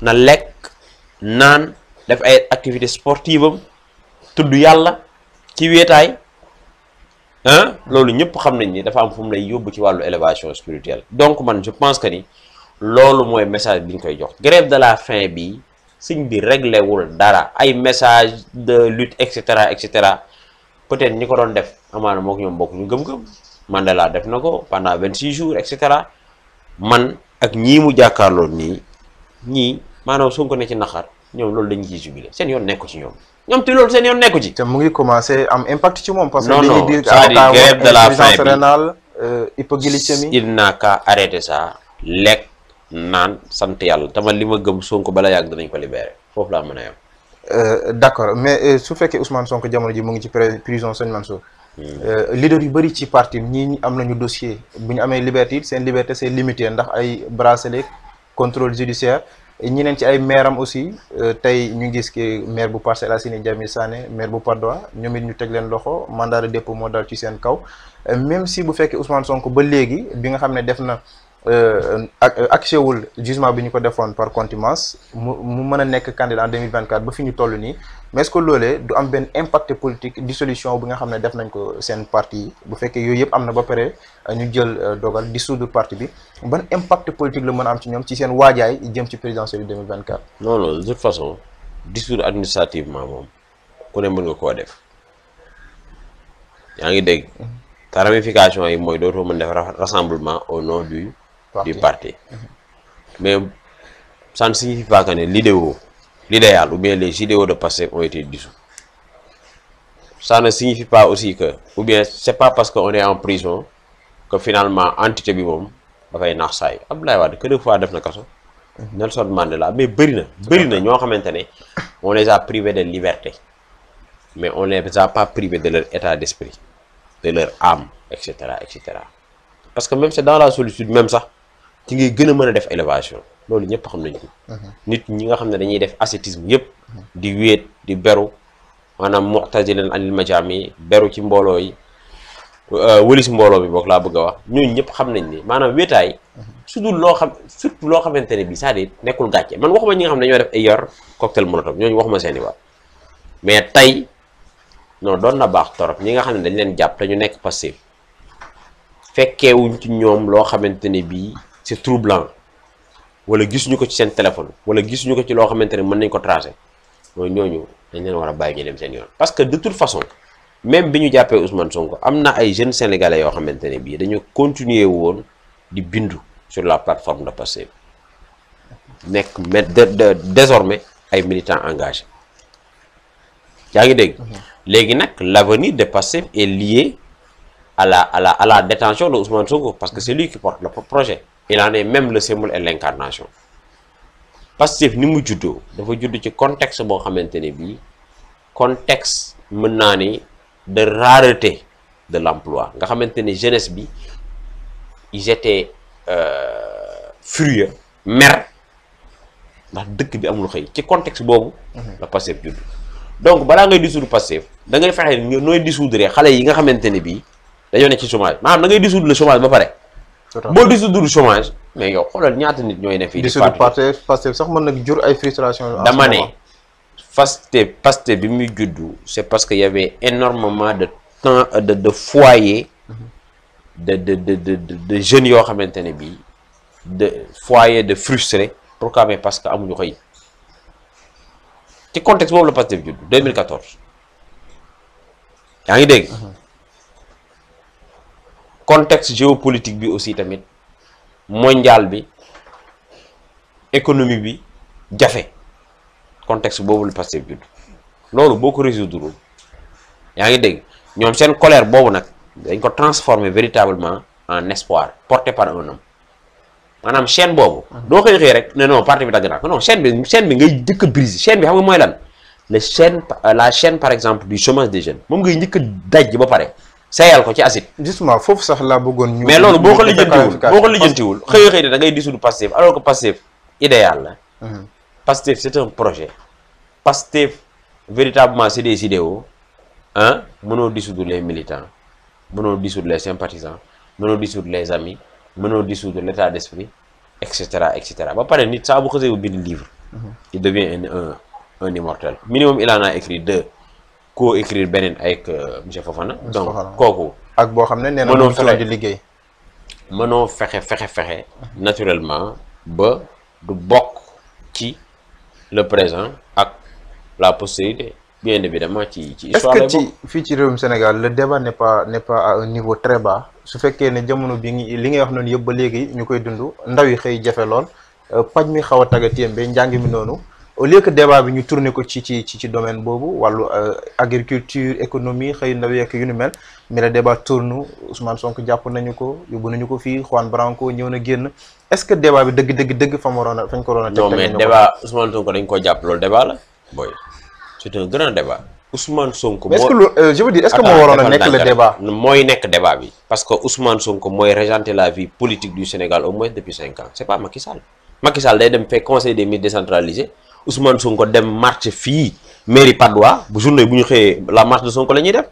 na lekk naan def ay activité sportive am tudd yàlla ci wéetaay ah loolu ñëpp xam nañ ni dafa am fu mu lay yóbbu ci wàllu élévation spirituelle donc man je pense que ni loolu mooy message bi ñu koy jox grève de la faim bi sëñ bi réglé wul dara ay message de lutte et cetera et cetera peut-être ñi ko doon def amaana mook ñoom bokk ñu gëm-gëm laa def na ko pendant vingt six jours et cetera man ak ñii mu jàkkaarloo nii ñii maanaam sunk ne ci naxar ñoom loolu dañu ciy jubilé seen yoon nekku ci ñoom ñoom te loolu seen yoon nekku ci. te mu ngi commencé am impact ci moom. parce que li ñuy dire à grève de la faim euh, lekk naan sant yàlla te man li ma gëm Sonko bala yàgg danañ ko libéré foofu laa mën a yem. Euh, d' accord mais euh, su fekkee Ousmane sonk jamono ji mu ngi ci prison Sëñ soo hmm. leader yu bëri ci parti ñii am nañu dossier bu ñu amee liberté seen liberté c'est limité ndax ay bracelet contrôle judiciaire ñeneen ci ay maire am aussi euh, tey ñu gis ki maire bu Parcelles Assainies Jamil Sané maire bu Patte d'Oie ñoom it ñu teg leen loxo mandat de dépôt moo dal ci seen kaw euh, même si bu fekkee Ousmane sonk ba léegi bi nga xam ne def na euh, ak accès wul jugement bi ñu ko defoon par contumace mu mu mën a nekk candidat en 2024 ba fi ñu toll nii mais est-ce que loolee du am benn impact politique dissolution bi nga xam ne def nañ ko seen parti yi bu fekkee yooyu yëpp am na ba pare euh, ñu jël euh, dogal dissoudre parti bi ban impact politique la mën a am ci ñoom ci seen waajaay jëm ci présidentielle 2024. non non de toute façon dissoudre administrativement moom ku ne mën nga koo def yaa ngi dégg. Mm-hmm. te yi mooy dootoo mën def rassemblement au nom du. du parti mm-hmm. mais ça ne signifie pas que l'idéal ou bien les idéaux de passé ont été dissous. Ça ne signifie pas aussi que, ou bien c'est pas parce qu'on est en prison que finalement entité bi moom dafay naax saa yi Abdoulaye Wade que deux def na kaso. Nelson Mandela mais bëri na. bëri na ñoo xamante ne on les a privés de liberté mais on les a pas privés de leur état d'esprit de leur âme et cetera et cetera parce que même c'est dans la solitude même sax. ci ngay gën a mën a def élévation loolu ñëpp xam nañ ko. Mhm. nit ñi nga xam ne dañuy def ascétisme yëpp. di wéet di beru maanaam mu'tazilan anil majaami beru ci mbooloo yi euh, wëlis mbooloo bi boog laa bëgg a wax ñooñu ñëpp xam nañ ni maanaam wéetaay. Mhm. su dul loo xam surtout loo xamante ne bii saa à nekkul gàcce man waxuma ñi nga xam ne dañoo def ay yor cocktail molotov ñooñu waxuma seen i wax mais tey non doon na baax torop ñi nga xam ne dañ leen jàpp te ñu nekk passif fekkee ñoom loo xamante ne bii. c'est troublant wala gisuñu ko ci seen téléphone wala gisuñu ko ci loo xamante ne mën nañ ko tracer mooy ñooñu dañ leen war a bàyyi ñu dem seen yoon parce que de toute façon même bi ñu jàppee Ousmane Sonko am na ay jeune sénégalais yoo xamante ne bii dañu continuer woon di bindu sur la plateforme de Pastef nekk mais désormais ay militants engagés yaa ngi dégg mhm. léegi nag l'avenir de Pastef est lié à la à la à la détention de Ousmane Sonko parce que c'est lui qui porte projet il en même le symbole et l'incarnation Pastef ni mu juddoo dafa juddu ci contexte boo xamante ne bii contexte mën naa ni de rareté de l'emploi nga xamante ne jeunesse bi ils étaient euh, furieux mer ndax dëkk bi amul xëy ci contexte boobu mhm. la Pastef judd donc balaa ngay dissoudre Pastef da ngay fexe nooy dissoudre xale yi nga xamante ne bii dañoo ne ci chômage maanaam da ngay dissoudre le chômage ba pare boo dissoudre chômage mais yow xoolal ñaata nit ñooy ne fii. di parti Pastef sax mën na jur ay frustration. dama ne Pastef Pastef bi muy juddu c' est parce que y avait énormément de temps de de foyer de de de de de jeunes yoo xamante ne bii de foyer de frustré pourquoi mais parce que amuñu xëy ci contexte boobu la Pastef juddu 2014 yaa ngi dégg. Mhm. contexte géopolitique bi aussi tamit mondial bi économie bi jafe contexte boobu la Pastef judd loolu boo ko résoudre yaa ngi dégg ñoom seen colère boobu nag dañ ko transformer véritablement en espoir porté par un homme maanaam chaîne boobu. doo koy xëy rek ne non parti bi dagg naa ko non bi chaîne bi a brise chaîne bi xam nga mooy lan la chaîne par exemple du chômage des jeunes moom ngay njëkk a daj ba pare. seeyal ko ci acide. justement foofu sax laa bëggoon ñu. mais loolu boo ko lijjantiwul boo ko lijjantiwul xëy xëy da ngay dissoudre Pastef alors que Pastef idéal la. Mhm. Pastef c'est un projet. Pastef véritablement c'est des idéaux ah mënoo dissoudre les militants mënoo dissoudre les sympathisants mënoo dissoudre les amis mënoo dissoudre l'état d'esprit et cetera et cetera ba pare nit saa bu xasee bu bind livre. Mhm. il devient un un immortel minimum il en écrit deux. co-écrire beneen avec euh, monsieur Fofana. donc kooku. ak boo xam ne nee na mënoo fexe di liggéey. mënoo fexe fexe fexe naturellement ba du bokk ci le présent ak la postérité bien évidemment ci ci. histoire est fii ci réewum Sénégal le débat n'est pas n'est pas à niveau très bas su fekkee ne jamono bi ngi li ngay wax noonu yëpp ba léegi ñu koy dund ndaw yi xëy jafe lool euh, paj mi xaw a taggatiyam ba njàng mi noonu. au lieu que débat bi ñu tourner ko ci ci ci ci domaine boobu wàllu euh, agriculture économie xëy ndaw yeeg yu ni mel mais le débat tourne Ousmane Sonko jàpp nañu ko yóbbu nañu ko fii Juan Branco ñëw na génn est-ce que débat bi dëgg dëgg fa mu waroon a fañ ko waroon a. teg non mais débat Ousmane Sonko dañ koo jàpp loolu débat la booy c'est moo est-ce que lu euh, je veux dire est-ce que moo day dem fekk conseil des ministres décentralisé. Ousmane Sonko dem marché fii mairie Padois bu journée bu ñu xëyee la marche de Sonko la ñuy dem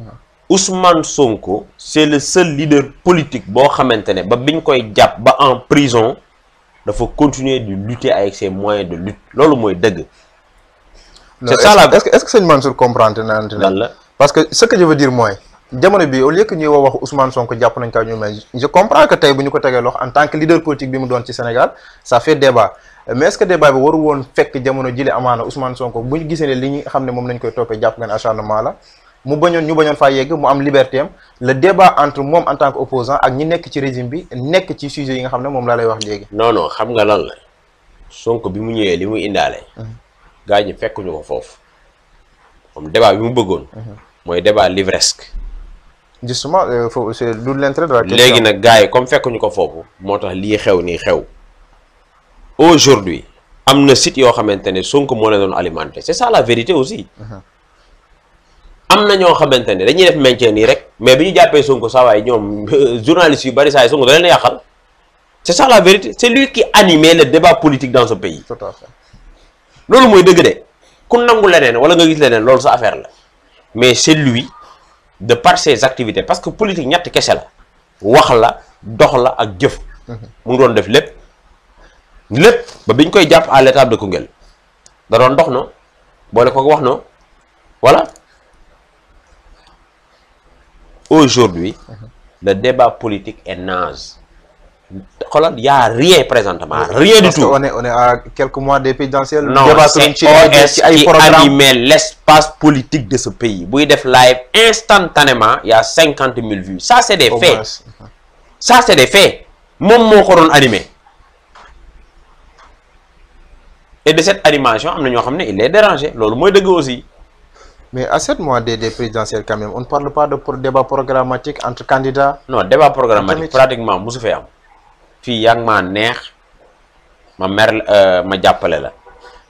ah. Ousmane Sonko c'est le seul leader politique boo xamante ne ba biñ koy jàpp ba en prison dafa continuer di lutter avec ses moyens de lutte loolu mooy dëgg. c'est ça est-ce que sëñ Mansour comprendre na la parce que ce que je veux dire mooy. jamono bi au lieu que ñuy wax wax Ousmane Sonko jàpp nañ ko ñu may je comprends que tey bu ñu ko tegee loxo en tant que leader politique bi mu doon ci Sénégal ça fait débat mais est-ce que débat bi waru woon fekk jamono jile amaana Ousmane Sonko bu ñu gisee ne li ñu xam ne moom lañ koy toppee jàpp ngeen acharnement la mu bañoon ñu bañoon faa yegg mu am liberté am le débat entre moom en tant que opposant ak ñi nekk ci régime bi nekk ci sujet yi nga xam ne moom laa lay wax léegi. non non xam nga lan la sonk bi mu ñëwee li mu indaale. gaa ñi fekkuñu ko foofu moom débat bi mu bëggoon. mooy débat livresque. justement euh, foofu c'est d'où léegi nag gaa yi comme fekkuñu ko foofu moo tax lii xew nii xew. aujourd'hui am na sit yoo xamante ne Sonko moo leen doon alimentaire c'est ça la vérité aussi uh-huh. am na ñoo xamante ne dañuy def maintien nii rek mais bi ñu jàppee Sonko saa waay ñoom journalistes yu bari saa yi Sonko da leen yàqal c'est ça la vérité c'est lui qui animait le débat politique dans sa pays loolu mooy dëgg de ku nangu leneen wala nga gis leneen loolu sa affaire la mais c'est lui de par ses activités parce que politique ñetti kese la wax la dox la ak jëf uh-huh. mu ngi doon def lépp lépp ba biñ koy jàpp à l'étape de Koungheul da doon dox no boole ko wax no voilà aujourd'hui mhm. le débat politique est naze xoolal y a rien présentement rien du tout on est on est à quelques mois des présidentielles non c'est OS qui animait l'espace politique de ce pays buy def live instantanément y a cinquante mille vues ça c'est des faits ça c'est des faits moom moo ko doon animé et de cette animation am na ñoo xam ne il est dérangé loolu mooy dëgg aussi. mais à sept mois des des présidentielles quand même on ne parle pas de pour débat programmatique entre candidats. non débat programmatique pratiquement mosu fee am. fii yaa ma neex ma mer euh, ma jàppale la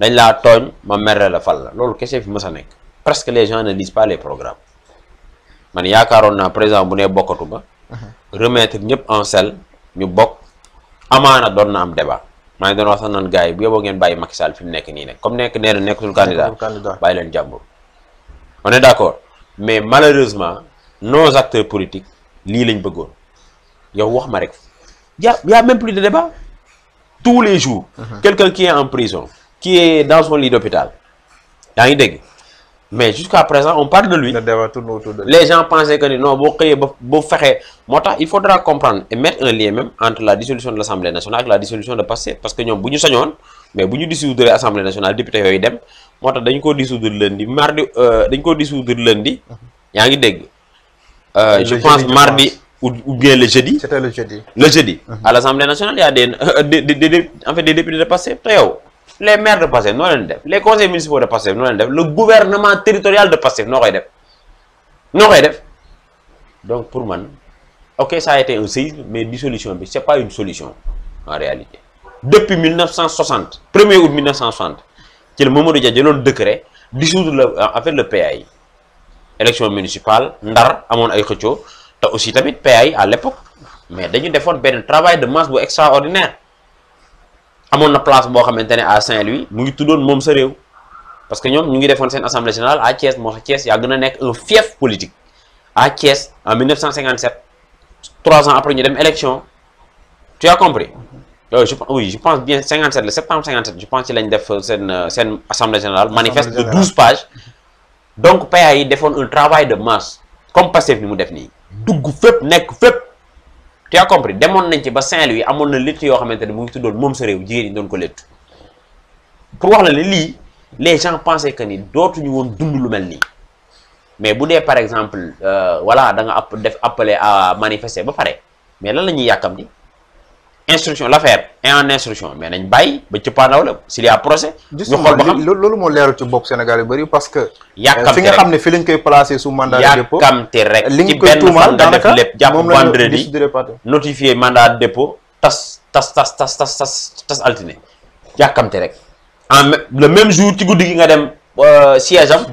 dañ laa tooñ ma mer la fal la loolu kese fi mës a nekk presque les gens ne lisent pas les programmes man yaakaaroon naa président bu ne bokkatu ba mhm. remettre ñëpp en selle ñu bokk amaana doon na am débat. maa ngi doon wax sax noonu gars yi bu yóbboo ngeen bàyyi Macky Sall fi nekk nii nag comme nekk nee na nekkatul candidat bàyyi leen jàmbur on est d'accord mais malheureusement nos acteurs politiques lii lañ bëggoon yow wax ma rek y'a y'a même plus de débat tous les jours uh-huh. quelqu'un qui est en prison qui est dans son lit d'hôpital yaa ngi dégg mais jusqu'à présent on parle de lui. les gens pensaient que ni non boo xëyee ba ba fexee moo tax il faudra comprendre et mettre un lien même entre la dissolution de l'Assemblée nationale ak la dissolution de Pastef parce que ñoom bu ñu sañoon mais bu ñu dissoudre Assemblée nationale député yooyu dem moo tax dañu ko dissoudre lundi mardi euh, dañu ko dissoudre lundi mhm. yaa ngi dégg. Euh, je pense mardi ou bien le jeudi. le jeudi. le jeudi. Mhm. à l'Assemblée nationale a euh, des des des en fait les maire de Pastef noo leen def les conseils municipaux de Pastef noo leen def le gouvernement territorial de Pastef noo koy def noo koy def donc pour man ok ça a été un séisme mais dissolution bi c'est pas une solution en réalité depuis 1960 1er août 1960 ci la Mamadou Dia jëloon décret dissoudre le en fait le PAI élection municipale Ndar amoon ay xëccoo te aussi tamit PAI à l'époque mais dañu defoon benn travail de masse bu extraordinaire amoon na place boo xamante ne à Saint-Louis mu ngi tuddoon moom sa parce que ñoom ñu ngi defoon seen assemblée générale à Thiès moo tax Thiès yaa gën a nekk un fief politique à Thiès en 1957 trois ans après ñu dem élection tu as compris oui euh, je oui je pense bien 57 le septembre 57 je pense ci lañ def seen seen assemblée manifeste de 12 pages donc PA yi defoon un travail de masse comme Pastef ni mu def nii dugg fépp nekk fépp tu as compris demoon nañ ci ba Saint-Louis amoon na létt yoo xamante ne mu ngi tuddoon moom sa réew jigéen ñi doon ko létt pour wax la ne lii les gens pensaient que ni dootuñu woon dund lu mel nii mais bu dee par exemple euh, voilà da nga app def appelé à manifester ba pare mais lan la ñuy yàkkamti instruction l'affaire est en instruction mais nañ bàyyi ba cëppaandaw la s'il y a procès ñu xool ba xam loolu moo leerul ci bopp Sénégal yu bëri parce que fi nga xam ne fi lañ koy placé sous mandat de dépôt yàkkamte rek ci benn fan de dépôt tas tas tas tas tas tas tas altiné rek en le même jour ci guddi gi nga dem euh, siège am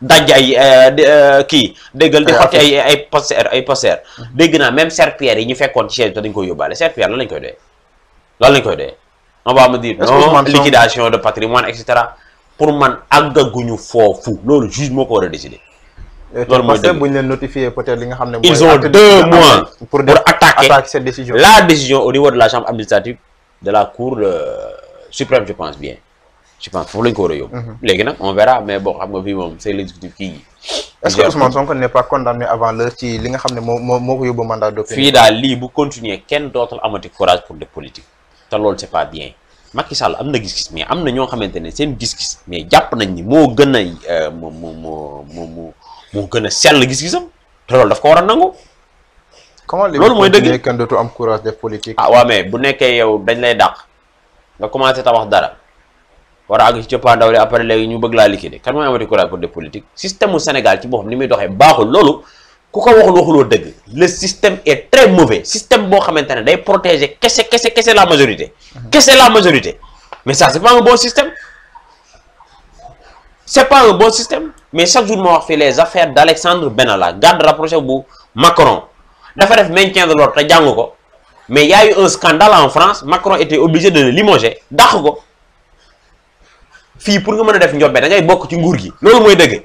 daj ay eh, eh, kii déggal di xotti ay ay ay poster mm-hmm. dégg naa même serpillère yi ñu fekkoon ci chaise bi dañ koy yóbbaale serpillère lan lañ koy doyee lan lañ koy doyee on va me dire non liquidation de patrimoine et cetera pour man àggaguñu foofu loolu juge moo ko war a loolu mooy dëgg bu ñu leen notifié peut li nga xam ne ils ont deux mois pour attaquer décision la décision au niveau de la chambre administrative de la cour euh, suprême je pense bien je pense la ñu ko war a yóbbu. Mhm. léegi nag on verra mais bon xam nga fii moom c'est l'exécutif kii gi. est-ce que Ousmane Sonko n'est pas condamné avant l'heure ci li nga xam ne moo moo moo ko yóbbu mandat d'opinion. fii daal lii bu continuer kenn dootul amati courage pour de politique te loolu c'est pas bien Macky Sall am na gis-gis mais am na ñoo xamante ne seen gis-gis mais jàpp nañ ni moo gën a euh, moo moo moo moo gën a sell gis-gisam te loolu daf ko war a nangu. loolu mooy dëgg comment kenn dootu am courage de politique. ah waaw mais bu nekkee yow dañ lay dàq nga commencé tabax dara. war a àgg ci cëppaandaw li après léegi ñu bëgg laa liquider kan mooy amati courage pour des politiques système mu Sénégal ci boppam ni muy doxee baaxul loolu ku ko waxul waxuloo dëgg le système est très mauvais système boo xamante ne day protégé kese kese kese la majorité kese la majorité mais ça c'est pas un bon système c'est pas mais chaque jour ma wax fii les affaires d'Alexandre Benalla garde rapproché bu Macron dafa def maintien de l'ordre te jàng ko mais il y a eu un scandale en France Macron était obligé de le limoger dàq ko fii pour nga mën a def njobbe da bokk ci nguur gi loolu mooy dëgg.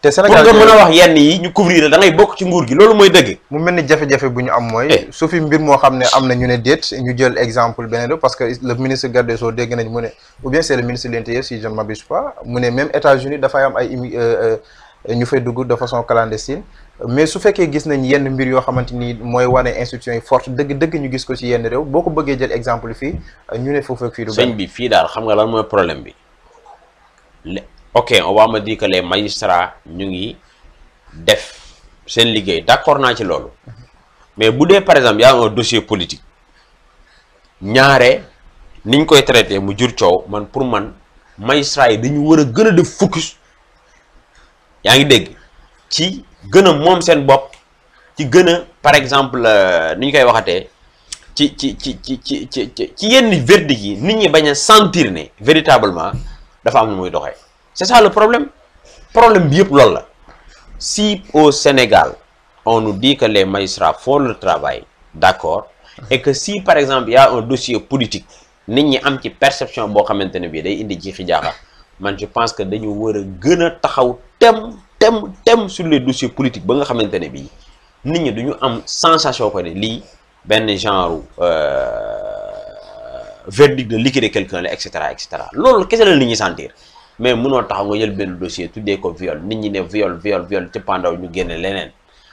te Sénégal pour a wax yenn yi ñu couvrir da ngay bokk ci nguur gi loolu mooy dëgg. mu mel ni jafe-jafe bu ñu am mooy. Eh. su fi mbir moo xam ne am na ñu ne déet ñu jël exemple beneen parce que le ministre garde des Sceaux dégg nañ mu ne ou bien c' est le ministre de l' intérieur si je ne m'abuse mu ne même États-Unis dafay am ay euh, euh, ñu fay dugg de façon clandestine mais su fekkee gis nañ yenn mbir yoo xamante nii mooy wane institution yi forte dëgg dëgg ñu gis ko ci yenn réew boo ko bëggee jël exemple fii ñu ne foofu bi fii daal xam nga lan mooy problème bi ok on va me ñu ngi def seen liggéey d'accord naa ci loolu mais bu dee par exemple y a un dossier politique ñaare niñ koy traité mu jur coow man pour man magistrats yi dañu war a gën a def focus yaa ngi dégg ci gën a moom seen bopp ci gën a par exemple euh, ni ñu koy waxatee ci ci ci ci ci ci ci yenn verdict yi nit ñi bañ a sentir ne véritablement dafa am nu muy doxee c'est ça le problème problème bi yëpp loolu la si au Sénégal on nous dit que les magistrats le travail d'accord et que si par exemple il y un dossier politique nit ñi am ci perception boo xamante ne bii day indi jiixi jaaxa man je pense que dañu war a gën a taxaw tem tem tem sur les dossiers politiques ba nga xamante ne bii nit ñi duñu am sensation ko ne lii benn genre euh, verdict de liquider quelqu'un la et cetera et loolu kese la nit ñi sentir mais munoo taxaw nga jël benn dossier tuddee ko viol nit ñi ne viol viol viol ca pandaw ñu génne leneen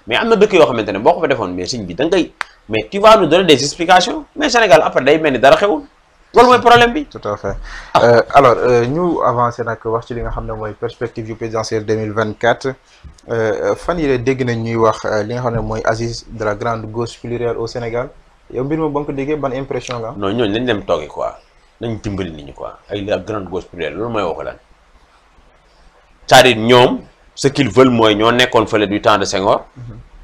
mais am na dëkk yoo xamante ne boo ko fa defoon mais sëñ bi da ngay mais tu vas nous donner des explications mais Sénégal après day mel ni dara xewul loolu mooy problème bi. tout à fait euh, alors euh, ñu avancé nag wax ci li nga xam ne mooy perspective yu présidentielle deux mille vingt quatre euh, fan yii dégg nañ ñuy wax li nga xam ne mooy assise de la grande gauche plurielle au Sénégal. yow mbir ma ba nga ko déggee ban impression nga am. non ñooñu nañ dem tooge quoi nañ dimbali nit ñi quoi ay la grande gauche plurielle loolu mooy waxu lan c'est-à-dire ñoom ce qu'ils veulent mooy ñoo nekkoon fële du temps de Senghor.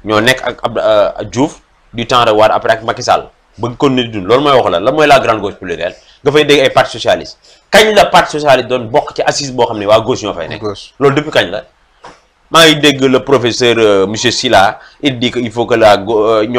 ñoo nekk ak Abdou euh, Diouf du temps de Wade après ak Macky Sall kon ko nit dund loolu mooy wax la mooy la grande gauche plurielle nga fay dégg ay parti socialiste kañ la parti socialiste doon bokk ci assise boo xam ne waa gauche ñoo fay nekk. la maa ngi dégg le professeur euh, monsieur Silla il dit que